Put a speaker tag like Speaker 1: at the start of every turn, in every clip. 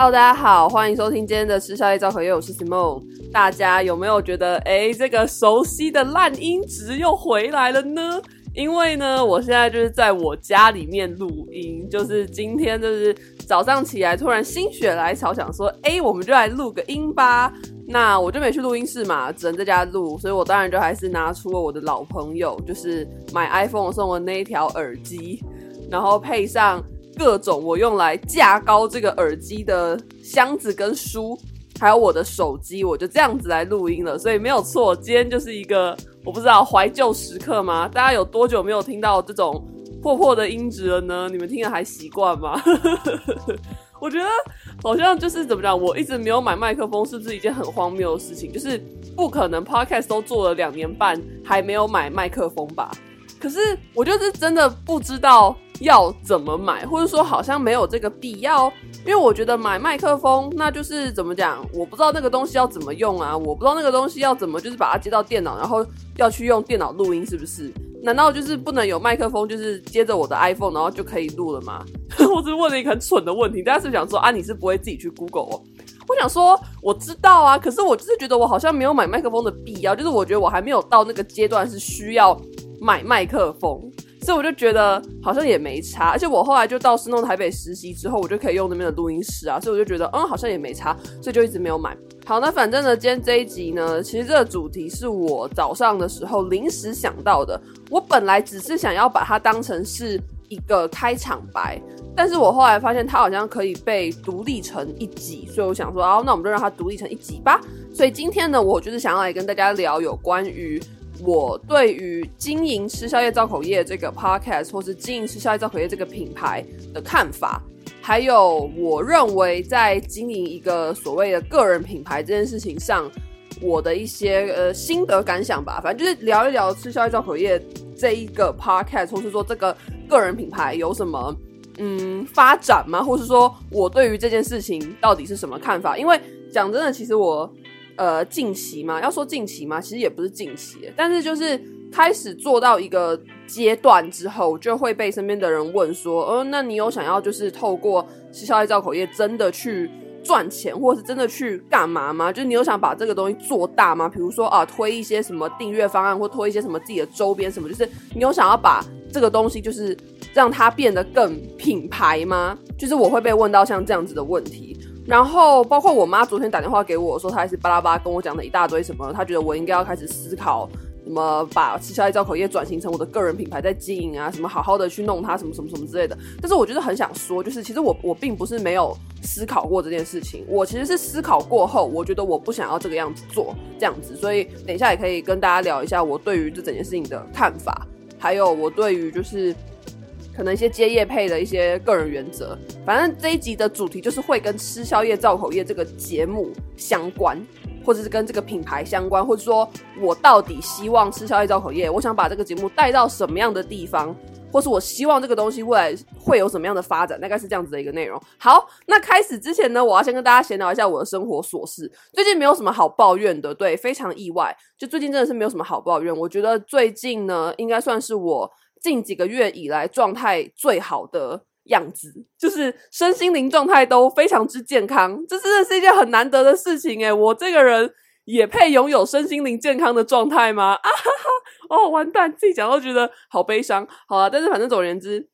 Speaker 1: Hello，大家好，歡迎收聽今天的《吃宵夜造口業》，我是 Simon。大家有沒有覺得，誒、欸、這個熟悉的爛音質又回來了呢？因為呢，我現在就是在我家裡面錄音，就是今天就是早上起來突然心血來潮，想說，哎、欸，我們就來錄個音吧。那我就沒去錄音室嘛，只能在家錄，所以我當然就還是拿出了我的老朋友，就是買 iPhone 送的那一條耳機，然後配上。各種我用來架高這個耳機的箱子跟書，還有我的手機，我就這樣子來錄音了。所以沒有錯，今天就是一個我不知道懷舊時刻嗎？大家有多久沒有聽到這種破破的音質了呢？你們聽了還習慣嗎？ 我覺得好像就是怎麼講，我一直沒有買麥克風，是不是一件很荒謬的事情？就是不可能，Podcast 都做了兩年半還沒有買麥克風吧？可是我就是真的不知道。要怎麼買，或者說好像沒有這個必要，因為我覺得買麥克風，那就是怎麼講，我不知道那個東西要怎麼用啊，我不知道那個東西要怎麼，就是把它接到電腦，然後要去用電腦錄音，是不是？難道就是不能有麥克風，就是接着我的 iPhone，然後就可以錄了嗎？ 我只是問了一個很蠢的問題，大家是想說啊，你是不會自己去 Google 喔？我想說我知道啊，可是我就是覺得我好像沒有買麥克風的必要，就是我覺得我還沒有到那個階段是需要買麥克風。所以我就覺得好像也沒差，而且我後來就到斯諾台北實習之後，我就可以用那邊的錄音室啊，所以我就覺得嗯好像也沒差，所以就一直沒有買。好，那反正呢，今天這一集呢，其實這個主題是我早上的時候臨時想到的，我本來只是想要把它當成是一個開場白，但是我後來發現它好像可以被獨立成一集，所以我想說啊，那我們就讓它獨立成一集吧。所以今天呢，我就是想要來跟大家聊有關於。我對於經營吃宵夜造口業這個 podcast 或是經營吃宵夜造口業這個品牌的看法，還有我認為在經營一個所謂的個人品牌這件事情上，我的一些呃心得感想吧。反正就是聊一聊吃宵夜造口業這一個 podcast，或是說這個個人品牌有什麼嗯發展嗎？或是說我對於這件事情到底是什麼看法？因為講真的，其實我。呃，近期嘛，要說近期嘛，其實也不是近期，但是就是開始做到一個階段之後，就會被身邊的人問說，哦、呃，那你有想要就是透過吃宵夜造口業真的去賺錢，或是真的去幹嘛嗎？就是、你有想把這個東西做大嗎？比如說啊，推一些什麼訂閱方案，或推一些什麼自己的周邊什麼，就是你有想要把這個東西就是讓它變得更品牌嗎？就是我會被問到像這樣子的問題。然後，包括我媽昨天打電話給我說，她也是巴拉巴拉跟我講了一大堆什麼，她覺得我應該要開始思考，什麼把吃宵夜造口業轉型成我的個人品牌在經營啊，什麼好好的去弄它，什麼什麼什麼之類的。但是我就是很想說，就是其實我我並不是沒有思考過這件事情，我其實是思考過後，我覺得我不想要這個樣子做這樣子，所以等一下也可以跟大家聊一下我對於這整件事情的看法，還有我對於就是。可能一些接業配的一些個人原則，反正這一集的主題就是會跟吃宵夜、造口業這個節目相關，或者是跟這個品牌相關，或者說我到底希望吃宵夜、造口業。我想把這個節目帶到什麼樣的地方，或是我希望這個東西未來會有什麼樣的發展，大概是這樣子的一個內容。好，那開始之前呢，我要先跟大家閒聊一下我的生活瑣事。最近沒有什麼好抱怨的，對，非常意外，就最近真的是沒有什麼好抱怨。我覺得最近呢，應該算是我。近幾個月以來，狀態最好的樣子，就是身心靈狀態都非常之健康，這真的是一件很難得的事情欸！我這個人也配擁有身心靈健康的狀態嗎？啊哈哈！哦，完蛋，自己講都覺得好悲傷。好啦，但是反正總言之，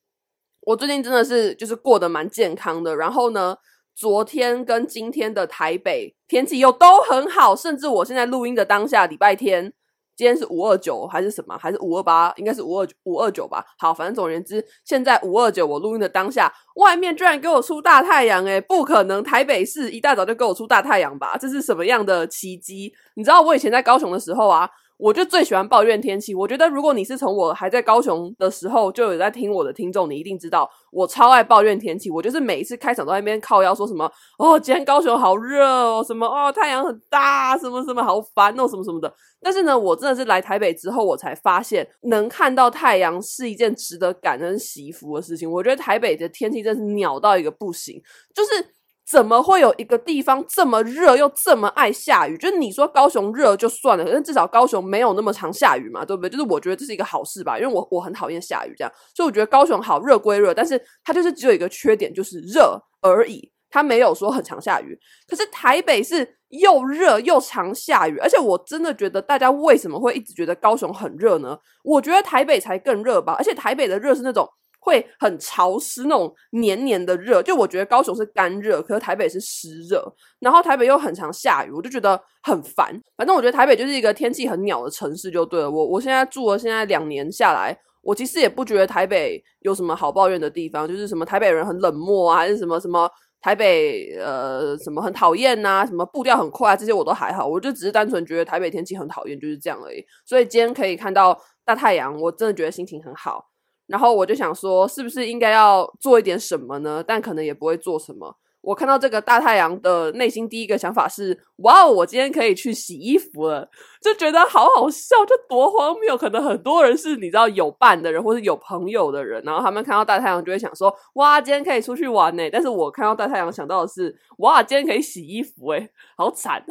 Speaker 1: 我最近真的是就是過得蠻健康的。然後呢，昨天跟今天的台北天氣又都很好，甚至我現在錄音的當下禮拜天。今天是五二九還是什麼？還是五二八？應該是五二五二九吧。好，反正總而言之，現在五二九我錄音的當下，外面居然給我出大太陽誒、欸，不可能！台北市一大早就給我出大太陽吧？這是什麼樣的奇蹟？你知道我以前在高雄的時候啊。我就最喜歡抱怨天氣。我覺得，如果你是從我還在高雄的時候就有在聽我的聽眾，你一定知道我超愛抱怨天氣。我就是每一次開場都在那邊靠腰說什麼，哦，今天高雄好熱，哦，什麼哦，太陽很大，什麼什麼，什麼好煩哦，什麼什麼的。但是呢，我真的是來台北之後，我才發現能看到太陽是一件值得感恩惜福的事情。我覺得台北的天氣真是鳥到一個不行，就是。怎麼會有一個地方這麼熱又這麼愛下雨？就是你說高雄熱就算了，可是至少高雄沒有那麼常下雨嘛，對不對？就是我覺得這是一個好事吧，因為我我很討厭下雨這樣，所以我覺得高雄好熱歸熱，但是它就是只有一個缺點，就是熱而已，它沒有說很常下雨。可是台北是又熱又常下雨，而且我真的覺得大家為什麼會一直覺得高雄很熱呢？我覺得台北才更熱吧，而且台北的熱是那種。會很潮濕，那種黏黏的熱，就我覺得高雄是乾熱，可是台北是濕熱，然後台北又很常下雨，我就覺得很煩。反正我覺得台北就是一個天氣很鳥的城市，就對了，我我現在住了現在兩年下來，我其實也不覺得台北有什麼好抱怨的地方，就是什麼台北人很冷漠啊，還是什麼什麼台北呃什麼很討厭啊，什麼步調很快啊，這些我都還好，我就只是單純覺得台北天氣很討厭，就是這樣而已。所以今天可以看到大太陽，我真的覺得心情很好。然後我就想說，是不是應該要做一點什麼呢？但可能也不會做什麼。我看到這個大太陽的內心第一個想法是：哇、哦，我今天可以去洗衣服了，就覺得好好笑，就多荒謬。可能很多人是你知道有伴的人，或是有朋友的人，然後他們看到大太陽就會想說：哇，今天可以出去玩呢、欸。但是我看到大太陽想到的是：哇，今天可以洗衣服哎、欸，好慘。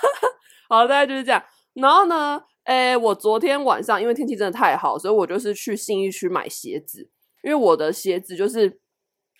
Speaker 1: 好，大家就是這樣。然後呢？哎、欸，我昨天晚上因為天氣真的太好，所以我就是去信義區買鞋子，因為我的鞋子就是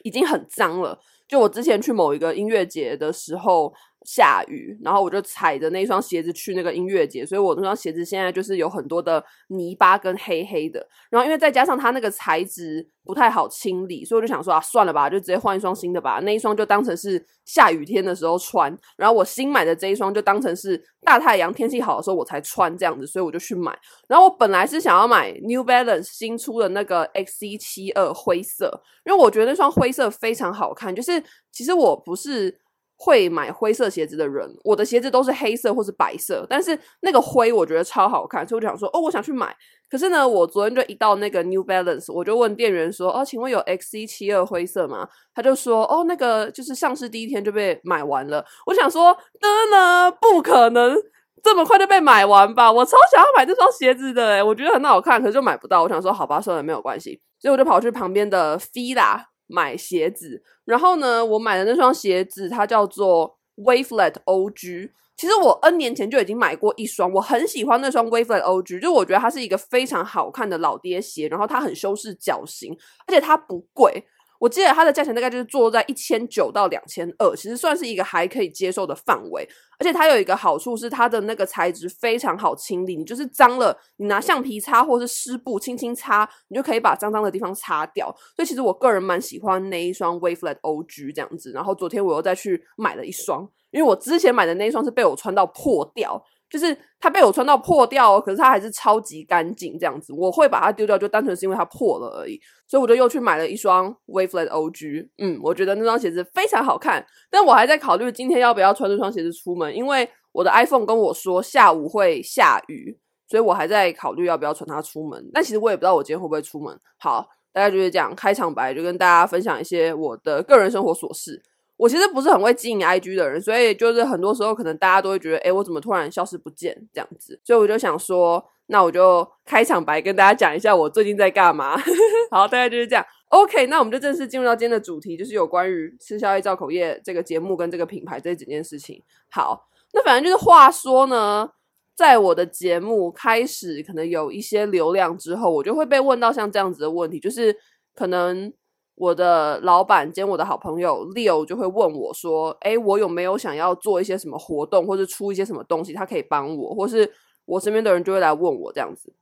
Speaker 1: 已經很髒了。就我之前去某一個音樂節的時候，下雨，然後我就踩着那雙鞋子去那個音樂節，所以我那雙鞋子現在就是有很多的泥巴跟黑黑的。然後因為再加上它那個材質不太好清理，所以我就想說啊，算了吧，就直接換一雙新的吧。那一雙就當成是下雨天的時候穿，然後我新買的這一雙就當成是大太陽天氣好的時候我才穿這樣子，所以我就去買。然後我本來是想要買 New Balance 新出的那個 XC72 灰色，因為我覺得那雙灰色非常好看。就是其實我不是。會買灰色鞋子的人，我的鞋子都是黑色或是白色，但是那個灰我覺得超好看，所以我就想說，哦，我想去買。可是呢，我昨天就一到那個 New Balance，我就問店員說，哦，請問有 X C 七二灰色嗎？他就說，哦，那個就是上市第一天就被買完了。我想說，真的不可能這麼快就被買完吧？我超想要買這雙鞋子的，哎，我覺得很好看，可是就買不到。我想說，好吧，算了，沒有關係。所以我就跑去旁邊的 Fila。買鞋子，然後呢，我買的那雙鞋子它叫做 Wavelet OG。其實我 N 年前就已經買過一雙，我很喜歡那雙 Wavelet OG，就我覺得它是一個非常好看的老爹鞋，然後它很修飾腳型，而且它不貴。我記得它的價錢大概就是坐在一千九到兩千二，其實算是一個還可以接受的範圍。而且它有一個好處是它的那個材質非常好清理，你就是髒了，你拿橡皮擦或者是濕布輕輕擦，你就可以把髒髒的地方擦掉。所以其實我個人蠻喜歡那一雙 Wavelet OG 這樣子。然後昨天我又再去買了一雙，因為我之前買的那一雙是被我穿到破掉。就是它被我穿到破掉哦，可是它還是超級乾淨這樣子，我會把它丟掉，就單純是因為它破了而已。所以我就又去買了一雙 Wavelet OG，嗯，我覺得那雙鞋子非常好看。但我還在考慮今天要不要穿這雙鞋子出門，因為我的 iPhone 跟我說下午會下雨，所以我還在考慮要不要穿它出門。但其實我也不知道我今天會不會出門。好，大概就是這樣開場白，就跟大家分享一些我的個人生活瑣事。我其實不是很會經營 IG 的人，所以就是很多時候可能大家都會覺得，哎，我怎麼突然消失不見這樣子？所以我就想說，那我就開場白跟大家講一下我最近在幹嘛。 好，大概就是這樣。OK，那我們就正式進入到今天的主題，就是有關於吃宵夜、造口業這個節目跟這個品牌這幾件事情。好，那反正就是話說呢，在我的節目開始可能有一些流量之後，我就會被問到像這樣子的問題，就是可能。我的老闆兼我的好朋友 Leo 就會問我說：“誒、欸，我有沒有想要做一些什麼活動，或者出一些什麼東西，他可以幫我，或是我身邊的人就會來問我這樣子。”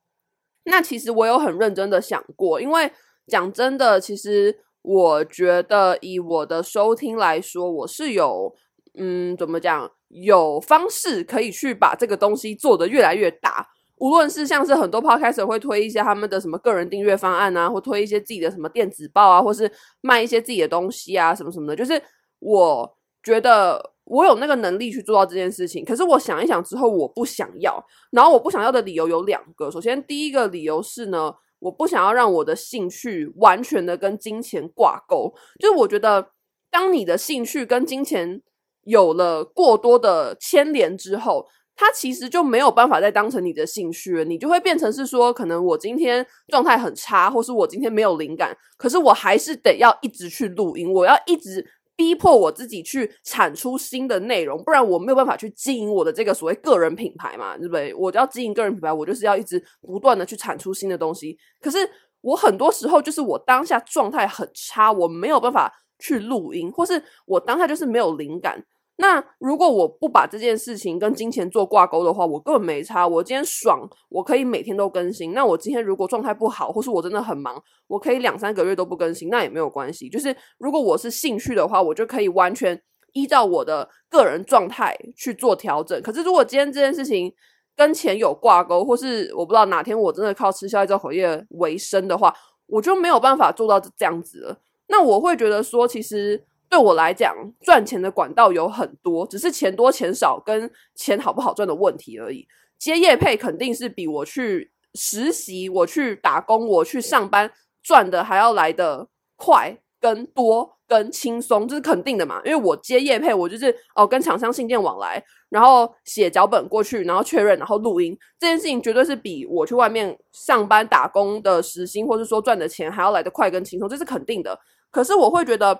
Speaker 1: 那其實我有很認真的想過，因為講真的，其實我覺得以我的收聽來說，我是有嗯，怎麼講，有方式可以去把這個東西做得越來越大。無論是像是很多 Podcast 會推一些他們的什麼個人訂閱方案啊，或推一些自己的什麼電子報啊，或是賣一些自己的東西啊，什麼什麼的，就是我覺得我有那個能力去做到這件事情。可是我想一想之後，我不想要。然後我不想要的理由有兩個，首先第一個理由是呢，我不想要讓我的興趣完全的跟金錢掛鈎。就是我覺得，當你的興趣跟金錢有了過多的牽連之後，它其實就沒有辦法再當成你的興趣了，你就會變成是說，可能我今天狀態很差，或是我今天沒有靈感，可是我還是得要一直去錄音，我要一直逼迫我自己去產出新的內容，不然我沒有辦法去經營我的這個所謂個人品牌嘛，對不對？我要經營個人品牌，我就是要一直不斷的去產出新的東西。可是我很多時候就是我當下狀態很差，我沒有辦法去錄音，或是我當下就是沒有靈感。那如果我不把這件事情跟金錢做掛鈎的話，我根本沒差。我今天爽，我可以每天都更新。那我今天如果狀態不好，或是我真的很忙，我可以兩三個月都不更新，那也沒有關係。就是如果我是興趣的話，我就可以完全依照我的個人狀態去做調整。可是如果今天這件事情跟錢有掛鈎，或是我不知道哪天我真的靠吃宵夜造口業為生的話，我就沒有辦法做到這樣子了。那我會覺得說，其實。對我來講，賺錢的管道有很多，只是錢多錢少跟錢好不好賺的問題而已。接業配肯定是比我去實習、我去打工、我去上班賺的還要來得快、更多、更輕鬆，這是肯定的嘛。因為我接業配，我就是哦跟廠商信件往來，然後寫腳本過去，然後確認，然後錄音，這件事情絕對是比我去外面上班打工的時薪或是說賺的錢還要來得快跟輕鬆，這是肯定的。可是我會覺得。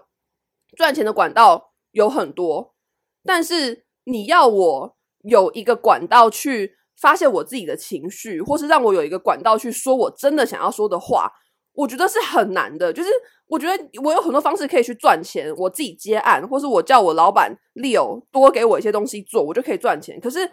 Speaker 1: 賺錢的管道有很多，但是你要我有一個管道去發洩我自己的情緒，或是讓我有一個管道去說我真的想要說的話，我覺得是很難的。就是我覺得我有很多方式可以去賺錢，我自己接案，或是我叫我老闆 Leo 多給我一些東西做，我就可以賺錢。可是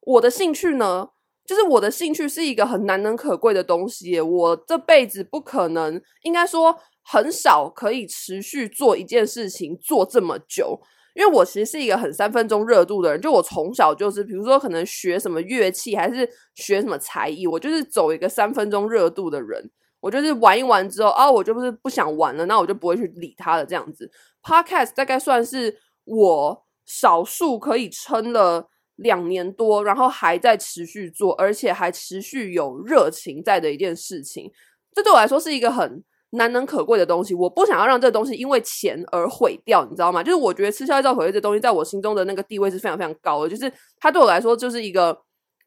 Speaker 1: 我的興趣呢？就是我的興趣是一個很難能可貴的東西，我這輩子不可能，應該說。很少可以持續做一件事情做這麼久，因為我其實是一個很三分鐘熱度的人。就我從小就是，比如說可能學什麼樂器，還是學什麼才藝，我就是走一個三分鐘熱度的人。我就是玩一玩之後啊、哦，我就是不想玩了，那我就不會去理他了。這樣子。Podcast 大概算是我少數可以撐了兩年多，然後還在持續做，而且還持續有熱情在的一件事情。這對我來說是一個很。難能可貴的東西，我不想要讓這個東西因為錢而毀掉，你知道嗎？就是我覺得吃宵夜造口業這東西在我心中的那個地位是非常非常高的，就是它對我來說就是一個，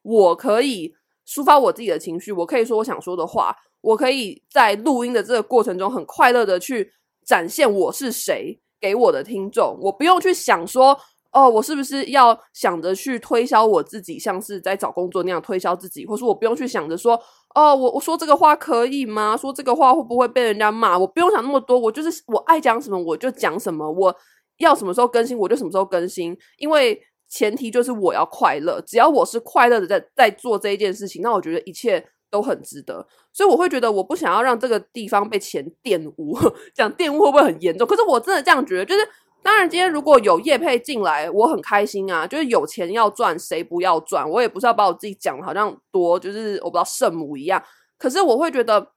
Speaker 1: 我可以抒發我自己的情緒，我可以說我想說的話，我可以在錄音的這個過程中很快樂的去展現我是誰給我的聽眾，我不用去想說，哦，我是不是要想着去推銷我自己，像是在找工作那樣推銷自己，或是我不用去想着說，哦，我我說這個話可以嗎？說這個話會不會被人家罵？我不用想那麼多，我就是我愛講什麼我就講什麼，我要什麼時候更新我就什麼時候更新，因為前提就是我要快樂，只要我是快樂的在在做這一件事情，那我覺得一切都很值得。所以我會覺得我不想要讓這個地方被錢玷污，講玷污會不會很嚴重？可是我真的這樣覺得，就是。當然，今天如果有業配進來，我很開心啊！就是有錢要賺，誰不要賺？我也不是要把我自己講的好像多，就是我不知道聖母一樣。可是我會覺得，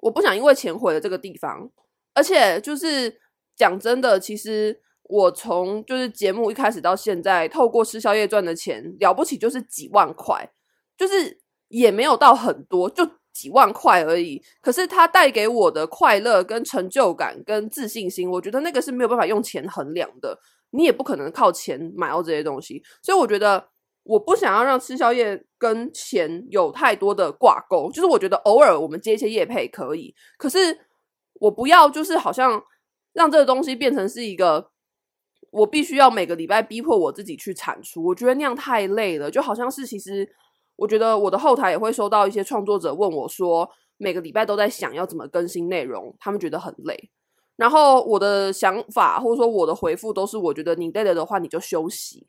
Speaker 1: 我不想因為錢毀了這個地方。而且就是講真的，其實我從就是節目一開始到現在，透過吃宵夜賺的錢，了不起就是幾萬塊，就是也沒有到很多，就。幾萬塊而已，可是它帶給我的快樂、跟成就感、跟自信心，我覺得那個是沒有辦法用錢衡量的。你也不可能靠錢買到這些東西，所以我覺得我不想要讓吃宵夜跟錢有太多的掛鈎。就是我覺得偶爾我們接一些業配可以，可是我不要就是好像讓這個東西變成是一個我必須要每個禮拜逼迫我自己去產出。我覺得那樣太累了，就好像是其實。我覺得我的後台也會收到一些創作者問我說，每個禮拜都在想要怎麼更新內容，他們覺得很累。然後我的想法或者說我的回復都是，我覺得你累了的話你就休息，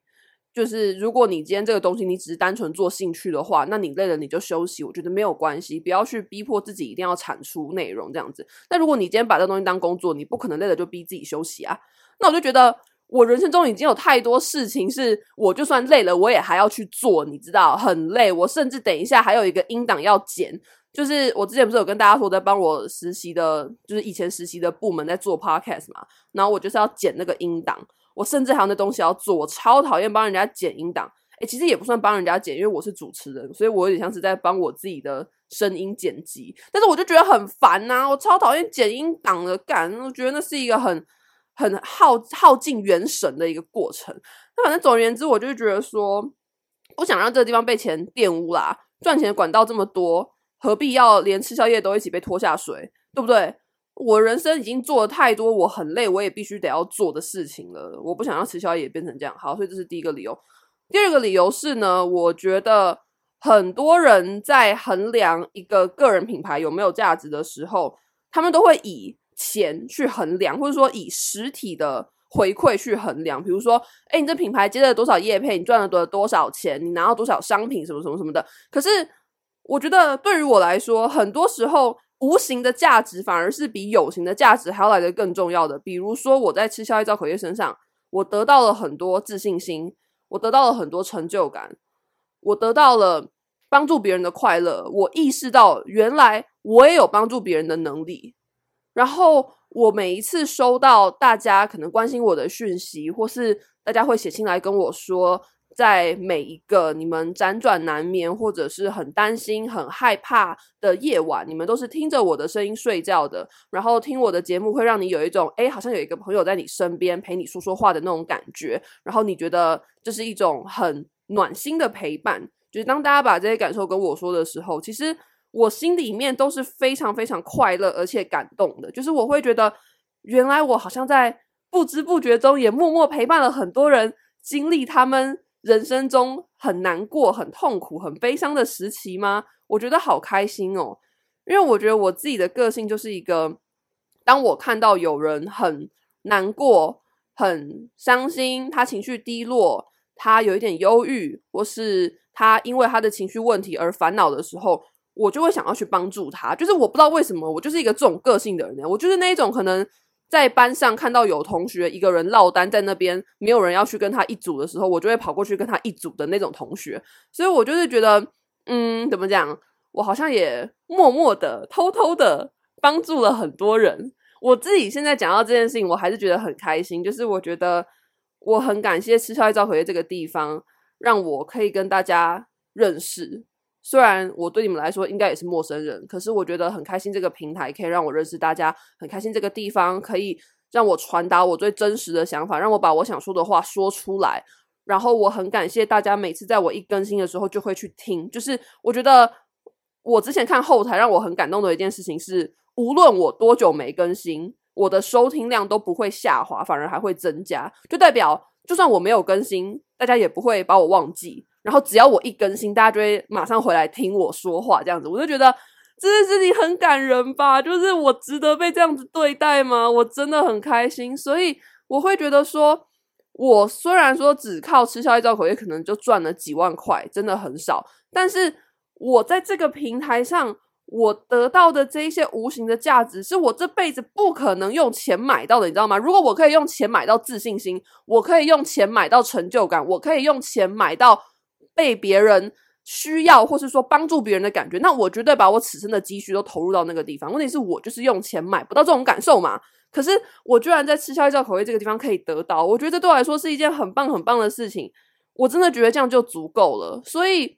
Speaker 1: 就是如果你今天這個東西你只是單純做興趣的話，那你累了你就休息，我覺得沒有關係，不要去逼迫自己一定要產出內容這樣子。但如果你今天把這東西當工作，你不可能累了就逼自己休息啊。那我就覺得。我人生中已經有太多事情是，我就算累了，我也還要去做，你知道，很累。我甚至等一下還有一個音檔要剪，就是我之前不是有跟大家說在幫我實習的，就是以前實習的部門在做 podcast 嘛，然後我就是要剪那個音檔。我甚至還有那東西要做，我超討厭幫人家剪音檔。哎，其實也不算幫人家剪，因為我是主持人，所以我有點像是在幫我自己的聲音剪輯。但是我就覺得很煩吶，我超討厭剪音檔的感，我覺得那是一個很。很耗耗盡元神的一個過程。那反正總而言之，我就是覺得說，不想讓這個地方被錢玷污啦。賺錢管道這麼多，何必要連吃宵夜都一起被拖下水？對不對？我人生已經做了太多，我很累，我也必須得要做的事情了。我不想要吃宵夜變成這樣。好，所以這是第一個理由。第二個理由是呢，我覺得很多人在衡量一個個人品牌有沒有價值的時候，他們都會以。錢去衡量，或者說以實體的回饋去衡量，比如說，哎，你這品牌接了多少業配，你賺了多多少錢，你拿到多少商品，什麼什麼什麼的。可是，我覺得對於我來說，很多時候無形的價值反而是比有形的價值還要來得更重要的。比如說，我在吃宵夜造口業身上，我得到了很多自信心，我得到了很多成就感，我得到了幫助別人的快樂，我意識到原來我也有幫助別人的能力。然後我每一次收到大家可能關心我的訊息，或是大家會寫信來跟我說，在每一個你們輾轉難眠或者是很擔心、很害怕的夜晚，你們都是聽着我的聲音睡覺的。然後聽我的節目，會讓你有一種哎，好像有一個朋友在你身邊陪你說說話的那種感覺。然後你覺得這是一種很暖心的陪伴。就是當大家把這些感受跟我說的時候，其實。我心裡面都是非常非常快樂，而且感動的。就是我會覺得，原來我好像在不知不覺中，也默默陪伴了很多人經歷他們人生中很難過、很痛苦、很悲傷的時期嗎。我覺得好開心哦，因為我覺得我自己的個性就是一個，當我看到有人很難過、很傷心，他情緒低落，他有一點憂鬱，或是他因為他的情緒問題而煩惱的時候，我就會想要去幫助他，就是我不知道為什麼，我就是一個這種個性的人呢。我就是那一種可能在班上看到有同學一個人落單在那邊，沒有人要去跟他一組的時候，我就會跑過去跟他一組的那種同學。所以，我就是覺得，嗯，怎麼講？我好像也默默的、偷偷的幫助了很多人。我自己現在講到這件事情，我還是覺得很開心。就是我覺得我很感謝《吃宵夜造口業》這個地方，讓我可以跟大家認識。雖然我對你們來說應該也是陌生人，可是我覺得很開心這個平台可以讓我認識大家，很開心這個地方可以讓我傳達我最真實的想法，讓我把我想說的話說出來。然後我很感謝大家每次在我一更新的時候就會去聽。就是我覺得我之前看後台讓我很感動的一件事情是，無論我多久沒更新，我的收聽量都不會下滑，反而還會增加，就代表就算我沒有更新，大家也不會把我忘記。然後只要我一更新，大家就會馬上回來聽我說話，這樣子我就覺得這件事情很感人吧。就是我值得被這樣子對待嗎？我真的很開心，所以我會覺得說，我雖然說只靠吃宵夜造口業可能就賺了幾萬塊，真的很少，但是我在這個平台上，我得到的這一些無形的價值，是我這輩子不可能用錢買到的，你知道嗎？如果我可以用錢買到自信心，我可以用錢買到成就感，我可以用錢買到。被別人需要，或是說幫助別人的感覺，那我絕對把我此生的積蓄都投入到那個地方。問題是我就是用錢買不到這種感受嘛。可是我居然在吃宵夜造口業這個地方可以得到，我覺得對我來說是一件很棒、很棒的事情。我真的覺得這樣就足夠了。所以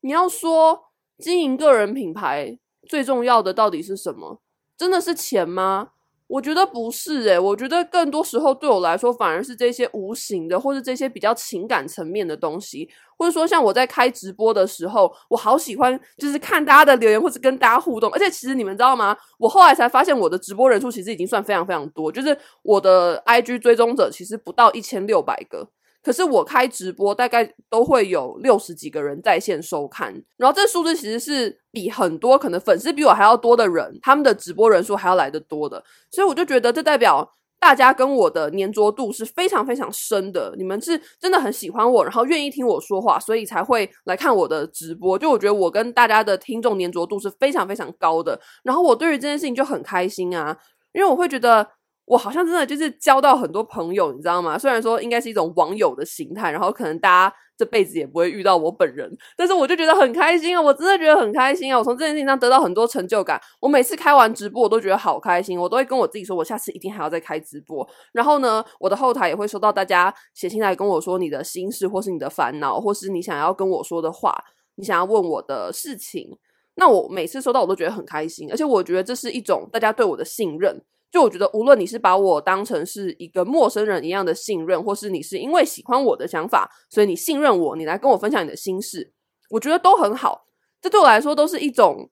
Speaker 1: 你要說經營個人品牌最重要的到底是什麼？真的是錢嗎？我覺得不是誒、欸、我覺得更多時候對我來說反而是這些無形的，或是這些比較情感層面的東西，或者說像我在開直播的時候，我好喜歡就是看大家的留言或是跟大家互動，而且其實你們知道嗎？我後來才發現我的直播人數其實已經算非常非常多，就是我的 IG 追蹤者其實不到一千六百個。可是我開直播，大概都會有六十幾個人在線收看，然後這數字其實是比很多可能粉絲比我還要多的人，他們的直播人數還要來得多的，所以我就覺得這代表大家跟我的粘着度是非常非常深的，你們是真的很喜歡我，然後願意聽我說話，所以才會來看我的直播。就我覺得我跟大家的聽眾粘着度是非常非常高的，然後我對於這件事情就很開心啊，因為我會覺得。我好像真的就是交到很多朋友，你知道嗎？雖然說應該是一種網友的形態，然後可能大家這輩子也不會遇到我本人，但是我就覺得很開心啊！我真的覺得很開心啊！我從這件事情上得到很多成就感。我每次開完直播，我都覺得好開心，我都會跟我自己說，我下次一定還要再開直播。然後呢，我的後台也會收到大家寫信來跟我說你的心事，或是你的煩惱，或是你想要跟我說的話，你想要問我的事情。那我每次收到，我都覺得很開心，而且我覺得這是一種大家對我的信任。就我覺得，無論你是把我當成是一個陌生人一樣的信任，或是你是因為喜歡我的想法，所以你信任我，你來跟我分享你的心事，我覺得都很好。這對我來說都是一種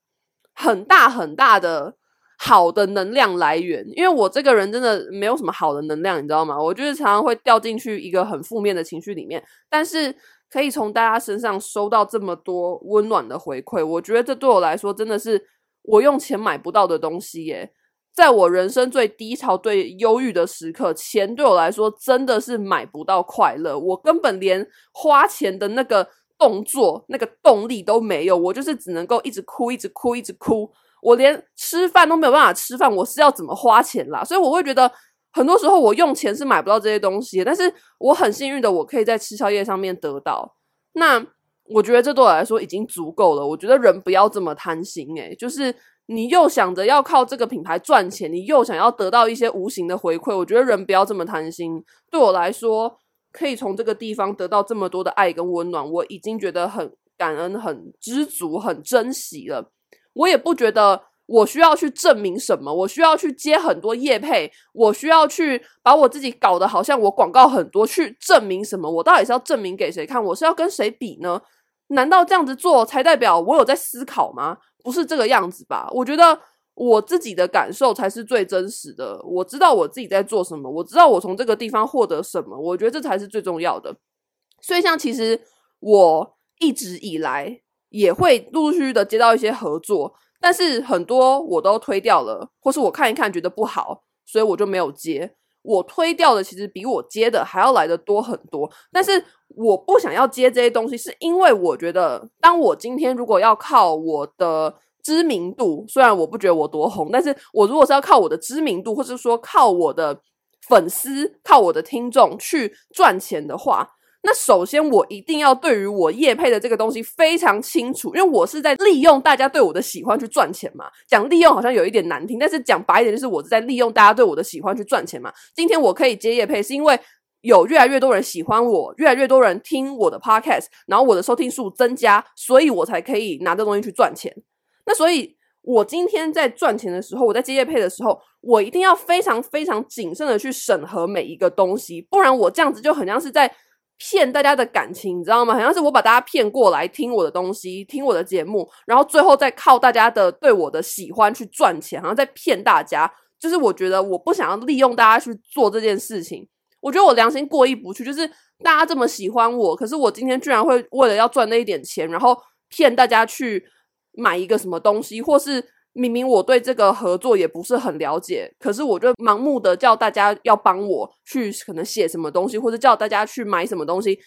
Speaker 1: 很大很大的好的能量來源，因為我這個人真的沒有什麼好的能量，你知道嗎？我就是常常會掉進去一個很負面的情緒裡面，但是可以從大家身上收到這麼多溫暖的回饋，我覺得這對我來說真的是我用錢買不到的東西耶。在我人生最低潮、最憂鬱的時刻，錢對我來說真的是買不到快樂。我根本連花錢的那個動作、那個動力都沒有。我就是只能夠一直哭、一直哭、一直哭。我連吃飯都沒有辦法吃飯。我是要怎麼花錢啦？所以我會覺得，很多時候我用錢是買不到這些東西。但是我很幸運的，我可以在吃宵夜上面得到。那我覺得這對我來說已經足夠了。我覺得人不要這麼貪心，欸，誒，就是。你又想着要靠這個品牌賺錢，你又想要得到一些無形的回饋。我覺得人不要這麼貪心。對我來說，可以從這個地方得到這麼多的愛跟溫暖，我已經覺得很感恩、很知足、很珍惜了。我也不覺得我需要去證明什麼，我需要去接很多業配，我需要去把我自己搞得好像我廣告很多，去證明什麼？我到底是要證明給誰看？我是要跟誰比呢？難道這樣子做才代表我有在思考嗎？不是這個樣子吧？我覺得我自己的感受才是最真實的。我知道我自己在做什麼，我知道我從這個地方獲得什麼，我覺得這才是最重要的。所以，像其實我一直以來也會陸陸續續的接到一些合作，但是很多我都推掉了，或是我看一看覺得不好，所以我就沒有接。我推掉的其實比我接的還要來得多很多，但是我不想要接這些東西，是因為我覺得，當我今天如果要靠我的知名度，雖然我不覺得我多紅，但是我如果是要靠我的知名度，或是說靠我的粉絲、靠我的聽眾去賺錢的話。那首先，我一定要對於我業配的這個東西非常清楚，因為我是在利用大家對我的喜歡去賺錢嘛。講利用好像有一點難聽，但是講白一點，就是我是在利用大家對我的喜歡去賺錢嘛。今天我可以接業配，是因為有越來越多人喜歡我，越來越多人聽我的 podcast，然後我的收聽數增加，所以我才可以拿這東西去賺錢。那所以，我今天在賺錢的時候，我在接業配的時候，我一定要非常非常謹慎的去審核每一個東西，不然我這樣子就很像是在。騙大家的感情，你知道嗎？好像是我把大家騙過來聽我的東西，聽我的節目，然後最後再靠大家的對我的喜歡去賺錢，好像在騙大家。就是我覺得我不想要利用大家去做這件事情，我覺得我良心過意不去。就是大家這麼喜歡我，可是我今天居然會為了要賺那一點錢，然後騙大家去買一個什麼東西，或是。明明我對這個合作也不是很了解，可是我就盲目的叫大家要幫我去可能寫什麼東西，或者叫大家去買什麼東西，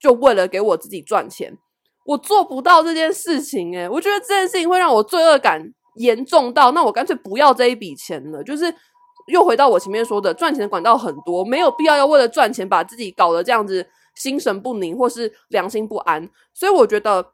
Speaker 1: 就為了給我自己賺錢。我做不到這件事情，欸，誒我覺得這件事情會讓我罪惡感嚴重到，那我乾脆不要這一筆錢了。就是又回到我前面說的，賺錢的管道很多，沒有必要要為了賺錢把自己搞得這樣子心神不寧或是良心不安。所以我覺得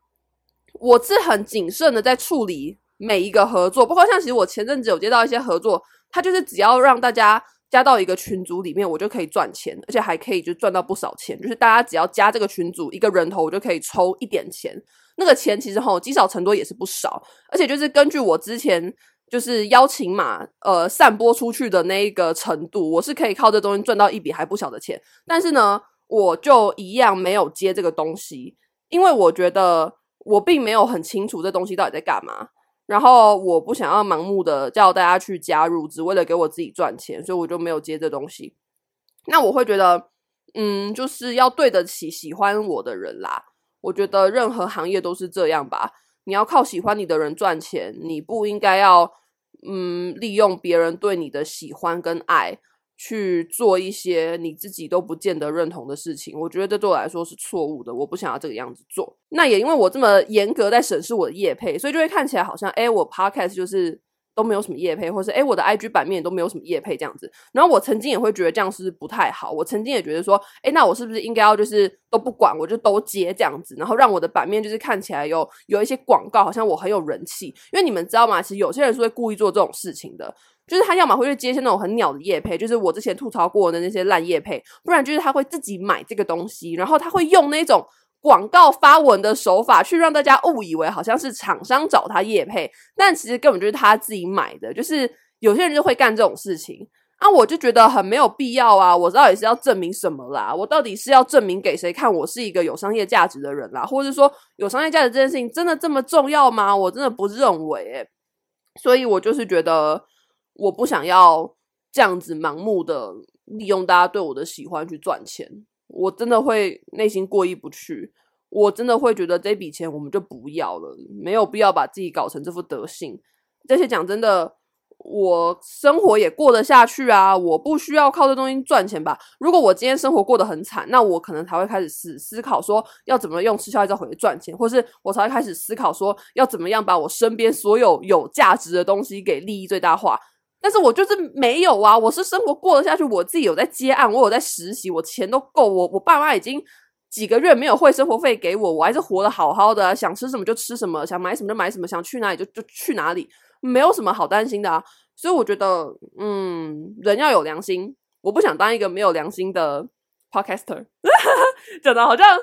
Speaker 1: 我是很謹慎的在處理。每一個合作，包括像其實我前陣子有接到一些合作，他就是只要讓大家加到一個群組裡面，我就可以賺錢，而且還可以就賺到不少錢。就是大家只要加這個群組一個人頭，我就可以抽一點錢。那個錢其實齁，積少成多也是不少，而且就是根據我之前就是邀請碼呃散播出去的那一個程度，我是可以靠這東西賺到一筆還不小的錢。但是呢，我就一樣沒有接這個東西，因為我覺得我並沒有很清楚這東西到底在幹嘛。然後我不想要盲目的叫大家去加入，只為了給我自己賺錢，所以我就沒有接這東西。那我會覺得，嗯，就是要對得起喜歡我的人啦。我覺得任何行業都是這樣吧，你要靠喜歡你的人賺錢，你不應該要，嗯，利用別人對你的喜歡跟愛去做一些你自己都不見得認同的事情，我覺得這對我來說是錯誤的。我不想要這個樣子做。那也因為我這麼嚴格在審視我的業配，所以就會看起來好像，欸，我 Podcast 就是都沒有什麼業配，或是欸，我的 IG 版面都沒有什麼業配這樣子。然後我曾經也會覺得這樣是不是不太好。我曾經也覺得說，欸，那我是不是應該要就是都不管，我就都接這樣子，然後讓我的版面就是看起來有有一些廣告，好像我很有人氣。因為你們知道嗎？其實有些人是會故意做這種事情的。就是他要麼會去接一些那種很鳥的業配，就是我之前吐槽過的那些爛業配，不然就是他會自己買這個東西，然後他會用那種廣告發文的手法去讓大家誤以為好像是廠商找他業配，但其實根本就是他自己買的。就是有些人就會幹這種事情，啊。我就覺得很沒有必要啊！我到底是要證明什麼啦？我到底是要證明給誰看，我是一個有商業價值的人啦，或者說有商業價值這件事情真的這麼重要嗎？我真的不認為，欸，所以我就是覺得。我不想要這樣子盲目的利用大家對我的喜歡去賺錢，我真的會內心過意不去，我真的會覺得這筆錢我們就不要了，沒有必要把自己搞成這副德性。這些講真的，我生活也過得下去啊，我不需要靠這東西賺錢吧？如果我今天生活過得很慘，那我可能才會開始思思考說要怎麼用吃宵夜造口業賺錢，或是我才會開始思考說要怎麼樣把我身邊所有有價值的東西給利益最大化。但是我就是沒有啊！我是生活過得下去，我自己有在接案，我有在實習，我錢都夠。我我爸媽已經幾個月沒有匯生活費給我，我還是活得好好的，啊，想吃什麼就吃什麼，想買什麼就買什麼，想去哪裡就就去哪裡，沒有什麼好擔心的啊。所以我覺得，嗯，人要有良心，我不想當一個沒有良心的 Podcaster， 講的好像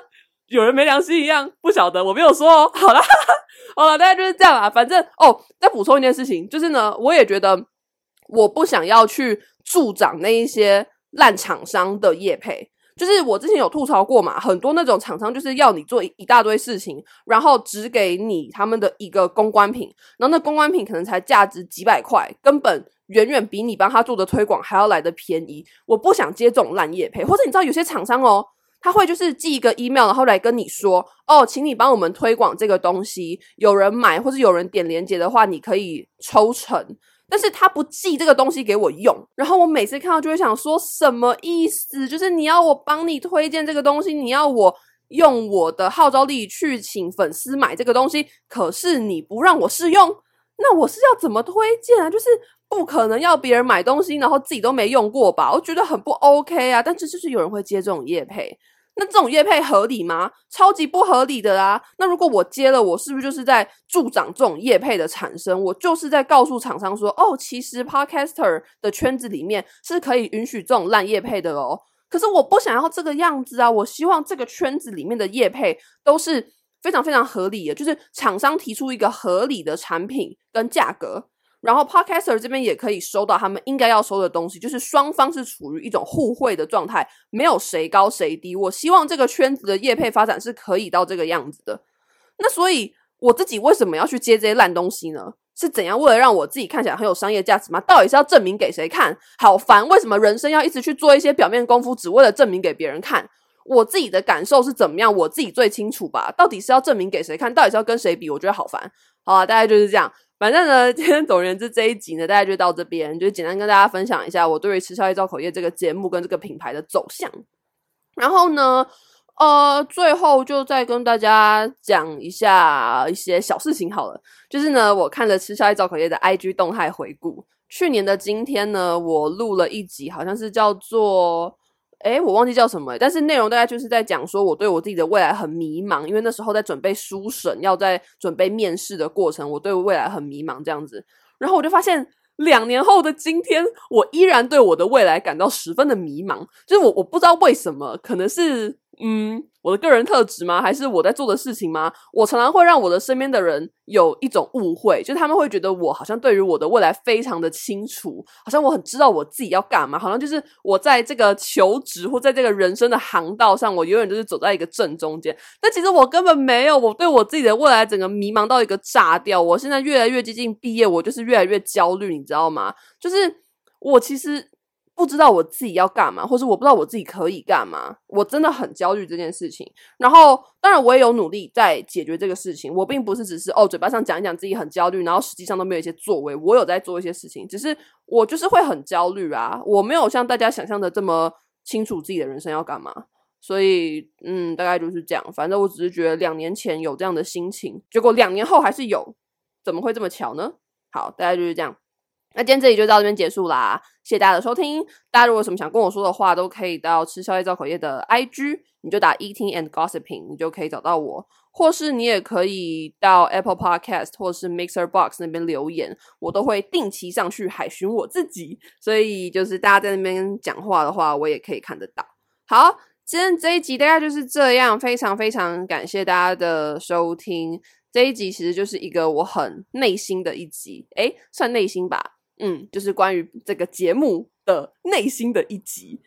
Speaker 1: 有人沒良心一樣，不曉得，我沒有說哦。好啦哈哈好了，大家就是這樣啊。反正哦，再補充一件事情，就是呢，我也覺得。我不想要去助長那一些爛廠商的業配，就是我之前有吐槽過嘛，很多那種廠商就是要你做一,一大堆事情，然後只給你他們的一個公關品，然後那公關品可能才價值幾百塊，根本遠遠比你幫他做的推廣還要來得便宜。我不想接這種爛業配，或者你知道有些廠商哦，他會就是寄一個 email，然後來跟你說，哦，請你幫我們推廣這個東西，有人買或者有人點連結的話，你可以抽成。但是他不寄這個東西給我用，然後我每次看到就會想說什麼意思？就是你要我幫你推薦這個東西，你要我用我的號召力去請粉絲買這個東西，可是你不讓我試用，那我是要怎麼推薦啊？就是不可能要別人買東西，然後自己都沒用過吧？我覺得很不 OK 啊！但是就是有人會接這種業配。那這種業配合理嗎？超級不合理的啦，啊！那如果我接了，我是不是就是在助長這種業配的產生？我就是在告訴廠商說，哦，其實 Podcaster 的圈子裡面是可以允許這種爛業配的哦。可是我不想要這個樣子啊！我希望這個圈子裡面的業配都是非常非常合理的，就是廠商提出一個合理的產品跟價格。然後 Podcaster 這邊也可以收到他們應該要收的東西，就是雙方是處於一種互惠的狀態，沒有誰高誰低。我希望這個圈子的業配發展是可以到這個樣子的。那所以我自己為什麼要去接這些爛東西呢？是怎樣為了讓我自己看起來很有商業價值嗎？到底是要證明給誰看？好煩！為什麼人生要一直去做一些表面功夫，只為了證明給別人看？我自己的感受是怎麼樣？我自己最清楚吧。到底是要證明給誰看？到底是要跟誰比？我覺得好煩。好啊，大概就是這樣。反正呢，今天總而言之這一集呢，大家就到這邊，就簡單跟大家分享一下我對於吃宵夜造口業這個節目跟這個品牌的走向。然後呢，呃，最後就再跟大家講一下一些小事情好了。就是呢，我看了吃宵夜造口業的 IG 動態回顧，去年的今天呢，我錄了一集，好像是叫做。哎，我忘記叫什麼欸，但是內容大概就是在講說，我對我自己的未來很迷茫，因為那時候在準備書審，要在準備面試的過程，我對未來很迷茫這樣子。然後我就發現，兩年後的今天，我依然對我的未來感到十分的迷茫，就是我我不知道為什麼，可能是嗯。我的個人特質嗎？還是我在做的事情嗎？我常常會讓我的身邊的人有一種誤會，就是他們會覺得我好像對於我的未來非常的清楚，好像我很知道我自己要幹嘛，好像就是我在這個求職或在這個人生的航道上，我永遠都是走在一個正中間。但其實我根本沒有，我對我自己的未來整個迷茫到一個炸掉。我現在越來越接近畢業，我就是越來越焦慮，你知道嗎？就是我其實。不知道我自己要幹嘛，或是我不知道我自己可以幹嘛，我真的很焦慮這件事情。然後當然我也有努力在解決這個事情，我並不是只是哦嘴巴上講一講自己很焦慮，然後實際上都沒有一些作為。我有在做一些事情，只是我就是會很焦慮啊。我沒有像大家想象的這麼清楚自己的人生要幹嘛，所以嗯，大概就是這樣。反正我只是覺得兩年前有這樣的心情，結果兩年後還是有，怎麼會這麼巧呢？好，大概就是這樣。那今天這裡就到這邊結束啦，謝謝大家的收聽。大家如果有什麼想跟我說的話，都可以到吃宵夜、造口業的 IG，你就打 Eating and Gossiping，你就可以找到我，或是你也可以到 Apple Podcast 或是 Mixer Box 那邊留言，我都會定期上去海巡我自己。所以就是大家在那邊講話的話，我也可以看得到。好，今天這一集大概就是這樣，非常非常感謝大家的收聽。這一集其實就是一個我很內心的一集，誒、欸，算內心吧。嗯，就是關於這個節目的內心的一集。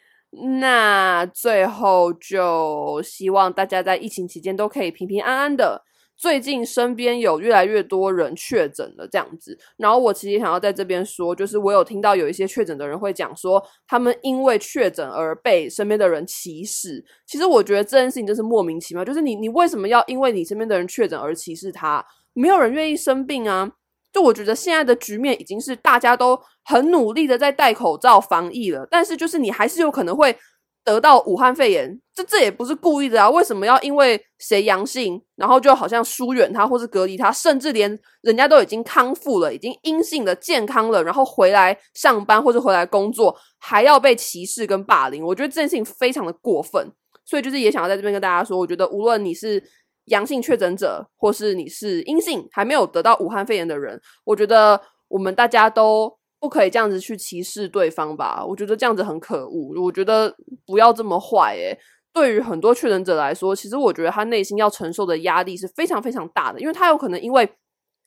Speaker 1: 那最後就希望大家在疫情期間都可以平平安安的。最近身邊有越來越多人確診了，這樣子。然後我其實想要在這邊說，就是我有聽到有一些確診的人會講說，他們因為確診而被身邊的人歧視。其實我覺得這件事情真是莫名其妙，就是你你為什麼要因為你身邊的人確診而歧視他？沒有人願意生病啊。就我覺得現在的局面已經是大家都很努力的在戴口罩防疫了，但是就是你還是有可能會得到武漢肺炎，這這也不是故意的啊！為什麼要因為誰陽性，然後就好像疏遠他或是隔離他，甚至連人家都已經康復了，已經陰性的健康了，然後回來上班或者回來工作，還要被歧視跟霸凌？我覺得這件事情非常的過分，所以就是也想要在這邊跟大家說，我覺得無論你是。陽性確診者，或是你是陰性還沒有得到武漢肺炎的人，我覺得我們大家都不可以這樣子去歧視對方吧？我覺得這樣子很可惡。我覺得不要這麼壞欸。對於很多確診者來說，其實我覺得他內心要承受的壓力是非常非常大的，因為他有可能因為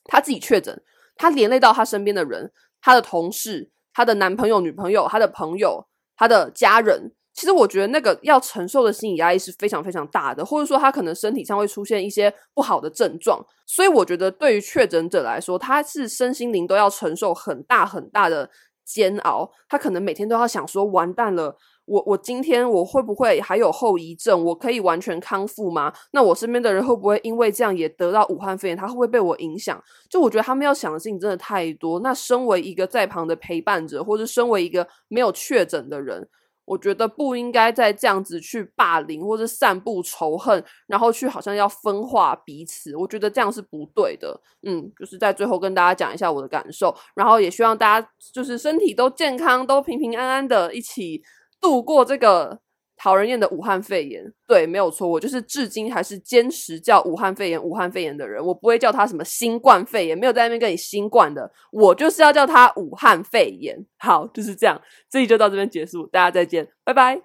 Speaker 1: 他自己確診，他連累到他身邊的人，他的同事、他的男朋友、女朋友、他的朋友、他的家人。其實我覺得那個要承受的心理壓力是非常非常大的，或者說他可能身體上會出現一些不好的症狀，所以我覺得對於確診者來說，他是身心靈都要承受很大很大的煎熬，他可能每天都要想說，完蛋了，我我今天我會不會還有後遺症？我可以完全康復嗎？那我身邊的人會不會因為這樣也得到武漢肺炎？他會不會被我影響？就我覺得他們要想的事情真的太多。那身為一個在旁的陪伴者，或者身為一個沒有確診的人。我覺得不應該再這樣子去霸凌，或者散布仇恨，然後去好像要分化彼此。我覺得這樣是不對的。嗯，就是在最後跟大家講一下我的感受，然後也希望大家就是身體都健康，都平平安安的，一起度過這個。討人厭的武漢肺炎，對，沒有錯，我就是至今還是堅持叫武漢肺炎、武漢肺炎的人，我不會叫他什麼新冠肺炎，沒有在那邊跟你新冠的，我就是要叫他武漢肺炎。好，就是這樣，這集就到這邊結束，大家再見，拜拜。